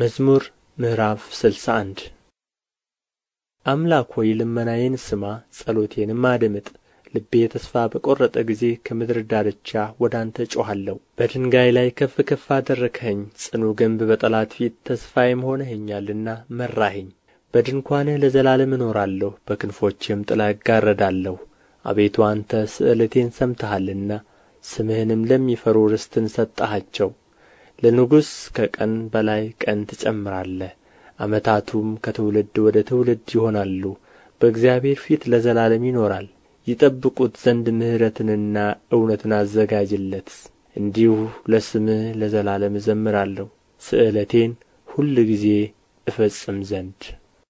መዝሙር ምዕራፍ ስልሳ አንድ አምላክ ሆይ ልመናዬን ስማ ጸሎቴንም አድምጥ ልቤ ተስፋ በቈረጠ ጊዜ ከምድር ዳርቻ ወደ አንተ እጮኻለሁ በድንጋይ ላይ ከፍ ከፍ አደረከኝ ጽኑ ግንብ በጠላት ፊት ተስፋዬም ሆነኸኛልና መራኸኝ በድንኳንህ ለዘላለም እኖራለሁ በክንፎችህም ጥላ እጋረዳለሁ አቤቱ አንተ ስእለቴን ሰምተሃልና ስምህንም ለሚፈሩ ርስትን ሰጠሃቸው ለንጉሥ ከቀን በላይ ቀን ትጨምራለህ ዓመታቱም ከትውልድ ወደ ትውልድ ይሆናሉ በእግዚአብሔር ፊት ለዘላለም ይኖራል ይጠብቁት ዘንድ ምሕረትንና እውነትን አዘጋጅለት እንዲሁ ለስምህ ለዘላለም እዘምራለሁ ስእለቴን ሁልጊዜ እፈጽም ዘንድ